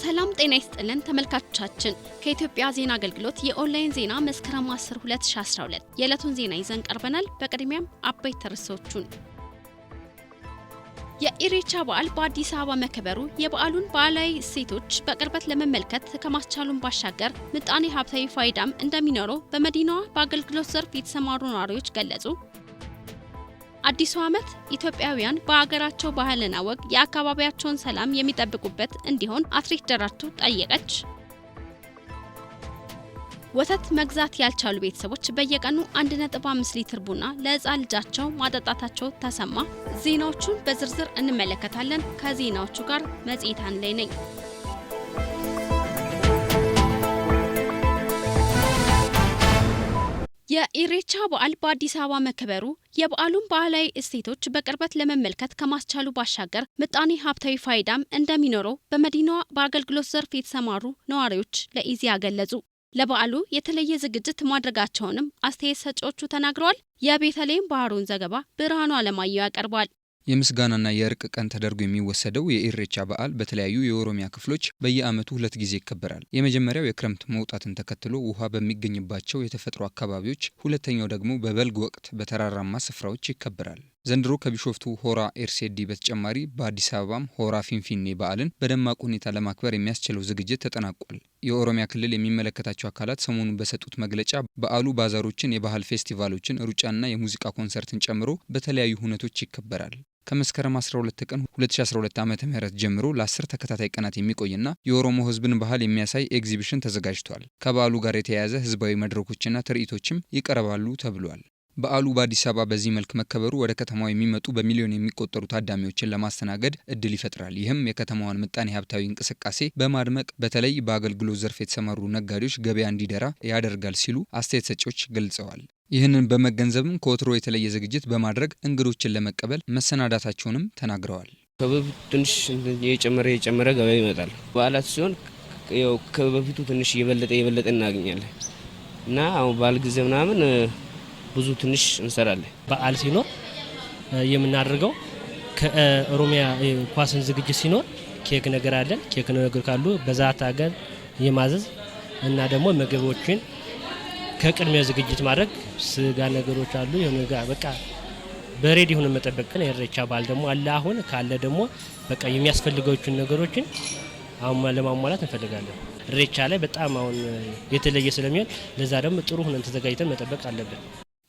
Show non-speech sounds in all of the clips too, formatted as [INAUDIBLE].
ሰላም ጤና ይስጥልን ተመልካቾቻችን፣ ከኢትዮጵያ ዜና አገልግሎት የኦንላይን ዜና መስከረም 10 2012 የዕለቱን ዜና ይዘን ቀርበናል። በቅድሚያም አበይት ርዕሶቹን። የኢሬቻ በዓል በአዲስ አበባ መከበሩ የበዓሉን ባህላዊ እሴቶች በቅርበት ለመመልከት ከማስቻሉን ባሻገር ምጣኔ ሀብታዊ ፋይዳም እንደሚኖረው በመዲናዋ በአገልግሎት ዘርፍ የተሰማሩ ነዋሪዎች ገለጹ። አዲሱ ዓመት ኢትዮጵያውያን በሀገራቸው ባህልና ወግ የአካባቢያቸውን ሰላም የሚጠብቁበት እንዲሆን አትሌት ደራርቱ ጠየቀች። ወተት መግዛት ያልቻሉ ቤተሰቦች በየቀኑ 1.5 ሊትር ቡና ለሕፃን ልጃቸው ማጠጣታቸው ተሰማ። ዜናዎቹን በዝርዝር እንመለከታለን። ከዜናዎቹ ጋር መጽሔት አንድ ላይ ነኝ። የኢሬቻ በዓል በአዲስ አበባ መከበሩ የበዓሉን ባህላዊ እሴቶች በቅርበት ለመመልከት ከማስቻሉ ባሻገር ምጣኔ ሀብታዊ ፋይዳም እንደሚኖረው በመዲናዋ በአገልግሎት ዘርፍ የተሰማሩ ነዋሪዎች ለኢዜአ ገለጹ። ለበዓሉ የተለየ ዝግጅት ማድረጋቸውንም አስተያየት ሰጪዎቹ ተናግረዋል። የቤተልሔም ባህሩን ዘገባ ብርሃኑ አለማየሁ ያቀርባል። የምስጋናና የእርቅ ቀን ተደርጎ የሚወሰደው የኢሬቻ በዓል በተለያዩ የኦሮሚያ ክፍሎች በየዓመቱ ሁለት ጊዜ ይከበራል። የመጀመሪያው የክረምት መውጣትን ተከትሎ ውሃ በሚገኝባቸው የተፈጥሮ አካባቢዎች፣ ሁለተኛው ደግሞ በበልግ ወቅት በተራራማ ስፍራዎች ይከበራል። ዘንድሮ ከቢሾፍቱ ሆራ ኤርሴዲ በተጨማሪ በአዲስ አበባም ሆራ ፊንፊኔ በዓልን በደማቅ ሁኔታ ለማክበር የሚያስችለው ዝግጅት ተጠናቋል። የኦሮሚያ ክልል የሚመለከታቸው አካላት ሰሞኑን በሰጡት መግለጫ በዓሉ ባዛሮችን፣ የባህል ፌስቲቫሎችን፣ ሩጫና የሙዚቃ ኮንሰርትን ጨምሮ በተለያዩ ሁነቶች ይከበራል። ከመስከረም 12 ቀን 2012 ዓ.ም ጀምሮ ለ10 ተከታታይ ቀናት የሚቆይና የኦሮሞ ህዝብን ባህል የሚያሳይ ኤግዚቢሽን ተዘጋጅቷል። ከበዓሉ ጋር የተያያዘ ህዝባዊ መድረኮችና ትርኢቶችም ይቀርባሉ ተብሏል። በዓሉ በአዲስ አበባ በዚህ መልክ መከበሩ ወደ ከተማዋ የሚመጡ በሚሊዮን የሚቆጠሩ ታዳሚዎችን ለማስተናገድ እድል ይፈጥራል። ይህም የከተማዋን ምጣኔ ሀብታዊ እንቅስቃሴ በማድመቅ በተለይ በአገልግሎት ዘርፍ የተሰማሩ ነጋዴዎች ገበያ እንዲደራ ያደርጋል ሲሉ አስተያየት ሰጪዎች ገልጸዋል። ይህንን በመገንዘብም ከወትሮ የተለየ ዝግጅት በማድረግ እንግዶችን ለመቀበል መሰናዳታቸውንም ተናግረዋል። ከበፊቱ ትንሽ የጨመረ የጨመረ ገበያ ይመጣል። በዓላት ሲሆን ከበፊቱ ትንሽ የበለጠ የበለጠ እናገኛለን እና አሁን በዓል ጊዜ ምናምን ብዙ ትንሽ እንሰራለን። በዓል ሲኖር የምናደርገው ከኦሮሚያ ኳስን ዝግጅት ሲኖር ኬክ ነገር አለን። ኬክ ነገር ካሉ በዛት ታገል የማዘዝ እና ደግሞ ምግቦችን ከቅድሚያ ዝግጅት ማድረግ ስጋ ነገሮች አሉ። የሆነ በቃ በሬድ የሆነ መጠበቅ ግን የኢሬቻ በዓል ደግሞ አለ። አሁን ካለ ደግሞ በቃ የሚያስፈልገችን ነገሮችን አሁን ለማሟላት እንፈልጋለን። ኢሬቻ ላይ በጣም አሁን የተለየ ስለሚሆን ለዛ ደግሞ ጥሩ ሁነን ተዘጋጅተን መጠበቅ አለብን።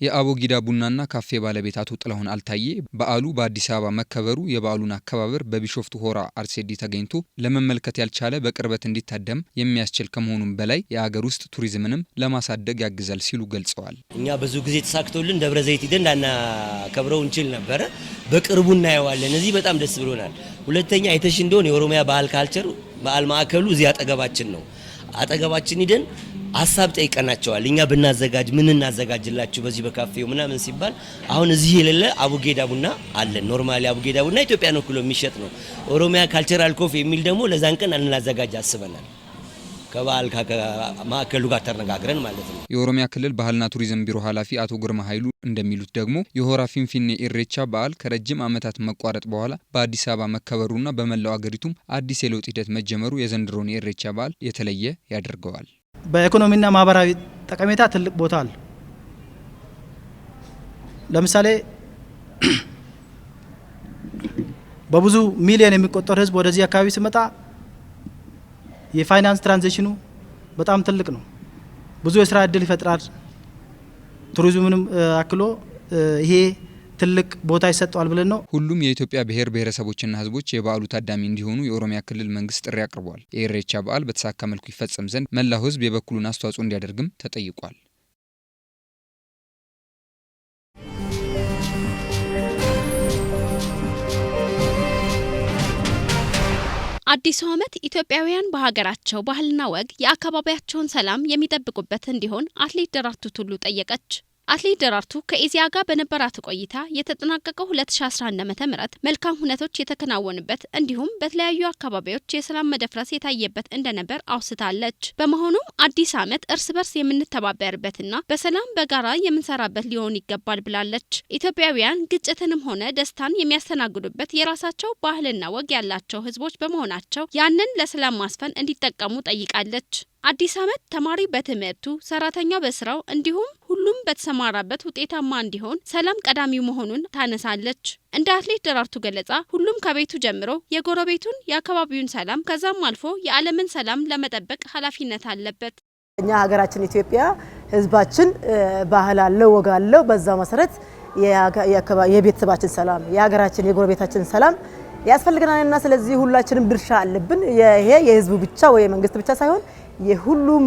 የአቦጊዳ ቡናና ካፌ ባለቤት አቶ ጥላሁን አልታዬ በዓሉ በአዲስ አበባ መከበሩ የበዓሉን አከባበር በቢሾፍቱ ሆራ አርሴዲ ተገኝቶ ለመመልከት ያልቻለ በቅርበት እንዲታደም የሚያስችል ከመሆኑም በላይ የአገር ውስጥ ቱሪዝምንም ለማሳደግ ያግዛል ሲሉ ገልጸዋል። እኛ ብዙ ጊዜ ተሳክቶልን ደብረ ዘይት ሂደን እንዳናከብረው እንችል ነበረ። በቅርቡ እናየዋለን። እዚህ በጣም ደስ ብሎናል። ሁለተኛ አይተሽ እንደሆን የኦሮሚያ ባህል ካልቸር በዓል ማዕከሉ እዚህ አጠገባችን ነው። አጠገባችን ሂደን ሀሳብ ጠይቀናቸዋል። እኛ ብናዘጋጅ ምን እናዘጋጅላችሁ በዚህ በካፌው ምናምን ሲባል አሁን እዚህ የሌለ አቡጌዳ ቡና አለን። ኖርማሊ አቡጌዳ ቡና ኢትዮጵያን ወክሎ የሚሸጥ ነው። ኦሮሚያ ካልቸራል ኮፊ የሚል ደግሞ ለዛን ቀን እናዘጋጅ አስበናል። ከበዓል ማዕከሉ ጋር ተነጋግረን ማለት ነው። የኦሮሚያ ክልል ባህልና ቱሪዝም ቢሮ ኃላፊ አቶ ግርማ ኃይሉ እንደሚሉት ደግሞ የሆራ ፊንፊኔ ኢሬቻ በዓል ከረጅም ዓመታት መቋረጥ በኋላ በአዲስ አበባ መከበሩና በመላው አገሪቱም አዲስ የለውጥ ሂደት መጀመሩ የዘንድሮን የኢሬቻ በዓል የተለየ ያደርገዋል። በኢኮኖሚና ማህበራዊ ጠቀሜታ ትልቅ ቦታ አለ። ለምሳሌ [CLEARS THROAT] በብዙ ሚሊዮን የሚቆጠር ህዝብ ወደዚህ አካባቢ ሲመጣ የፋይናንስ ትራንዚሽኑ በጣም ትልቅ ነው። ብዙ የስራ እድል ይፈጥራል። ቱሪዝምንም አክሎ ይሄ ትልቅ ቦታ ይሰጠዋል ብለን ነው። ሁሉም የኢትዮጵያ ብሔር ብሔረሰቦችና ህዝቦች የበዓሉ ታዳሚ እንዲሆኑ የኦሮሚያ ክልል መንግስት ጥሪ አቅርቧል። የኢሬቻ በዓል በተሳካ መልኩ ይፈጸም ዘንድ መላው ህዝብ የበኩሉን አስተዋጽኦ እንዲያደርግም ተጠይቋል። አዲሱ ዓመት ኢትዮጵያውያን በሀገራቸው ባህልና ወግ የአካባቢያቸውን ሰላም የሚጠብቁበት እንዲሆን አትሌት ደራርቱ ቱሉ ጠየቀች። አትሌት ደራርቱ ከኢዜአ ጋር በነበራት ቆይታ የተጠናቀቀው 2011 ዓ.ም መልካም ሁነቶች የተከናወንበት እንዲሁም በተለያዩ አካባቢዎች የሰላም መደፍረስ የታየበት እንደነበር አውስታለች። በመሆኑም አዲስ ዓመት እርስ በርስ የምንተባበርበትና በሰላም በጋራ የምንሰራበት ሊሆን ይገባል ብላለች። ኢትዮጵያውያን ግጭትንም ሆነ ደስታን የሚያስተናግዱበት የራሳቸው ባህልና ወግ ያላቸው ህዝቦች በመሆናቸው ያንን ለሰላም ማስፈን እንዲጠቀሙ ጠይቃለች። አዲስ ዓመት ተማሪ በትምህርቱ፣ ሰራተኛው በስራው እንዲሁም ሁሉም በተሰማራበት ውጤታማ እንዲሆን ሰላም ቀዳሚ መሆኑን ታነሳለች። እንደ አትሌት ደራርቱ ገለጻ ሁሉም ከቤቱ ጀምሮ የጎረቤቱን፣ የአካባቢውን ሰላም ከዛም አልፎ የዓለምን ሰላም ለመጠበቅ ኃላፊነት አለበት። እኛ ሀገራችን ኢትዮጵያ ህዝባችን ባህል አለው፣ ወግ አለው። በዛ መሰረት የቤተሰባችን ሰላም፣ የሀገራችን የጎረቤታችን ሰላም ያስፈልገናልና ስለዚህ ሁላችንም ድርሻ አለብን። ይሄ የህዝቡ ብቻ ወይ የመንግስት ብቻ ሳይሆን የሁሉም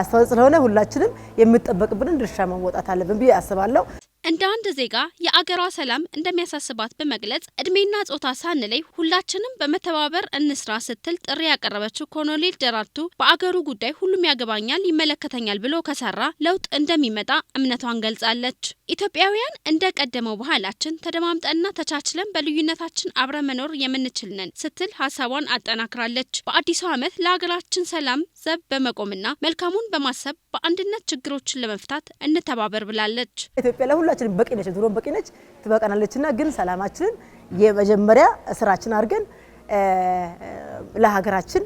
አስተዋጽኦ ስለሆነ ሁላችንም የምጠበቅብንን ድርሻ መወጣት አለብን ብዬ አስባለሁ። እንደ አንድ ዜጋ የአገሯ ሰላም እንደሚያሳስባት በመግለጽ እድሜና ጾታ ሳንለይ ሁላችንም በመተባበር እንስራ ስትል ጥሪ ያቀረበችው ኮሎኔል ደራርቱ በአገሩ ጉዳይ ሁሉም ያገባኛል፣ ይመለከተኛል ብሎ ከሰራ ለውጥ እንደሚመጣ እምነቷን ገልጻለች። ኢትዮጵያውያን እንደ ቀደመው ባህላችን ተደማምጠንና ተቻችለን በልዩነታችን አብረ መኖር የምንችል ነን ስትል ሀሳቧን አጠናክራለች። በአዲሱ ዓመት ለሀገራችን ሰላም ዘብ በመቆምና መልካሙን በማሰብ በአንድነት ችግሮችን ለመፍታት እንተባበር ብላለች። ኢትዮጵያ ለሁላችንም በቂ ነች፣ ድሮም በቂ ነች፣ ና ግን ሰላማችንን የመጀመሪያ ስራችን አድርገን ለሀገራችን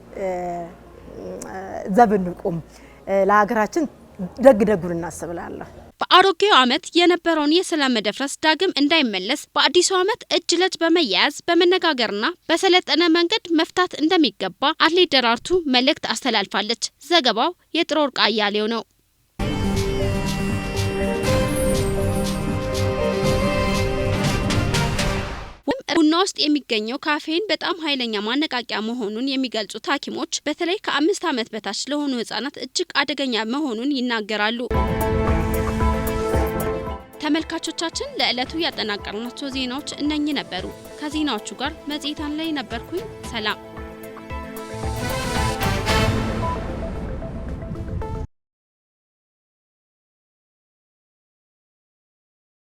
ዘብ እንቁም፣ ለሀገራችን ደግ ደጉን እናስብላለሁ። በአሮጌው ዓመት የነበረውን የሰላም መደፍረስ ዳግም እንዳይመለስ በአዲሱ ዓመት እጅ ለእጅ በመያያዝ በመነጋገርና በሰለጠነ መንገድ መፍታት እንደሚገባ አትሌት ደራርቱ መልእክት አስተላልፋለች። ዘገባው የጥሩ ወርቅ አያሌው ነው። ቡና ውስጥ የሚገኘው ካፌን በጣም ኃይለኛ ማነቃቂያ መሆኑን የሚገልጹት ሐኪሞች በተለይ ከአምስት ዓመት በታች ለሆኑ ህጻናት እጅግ አደገኛ መሆኑን ይናገራሉ። ተመልካቾቻችን ለዕለቱ ያጠናቀርናቸው ዜናዎች እነኚህ ነበሩ። ከዜናዎቹ ጋር መጽሔታን ላይ ነበርኩኝ። ሰላም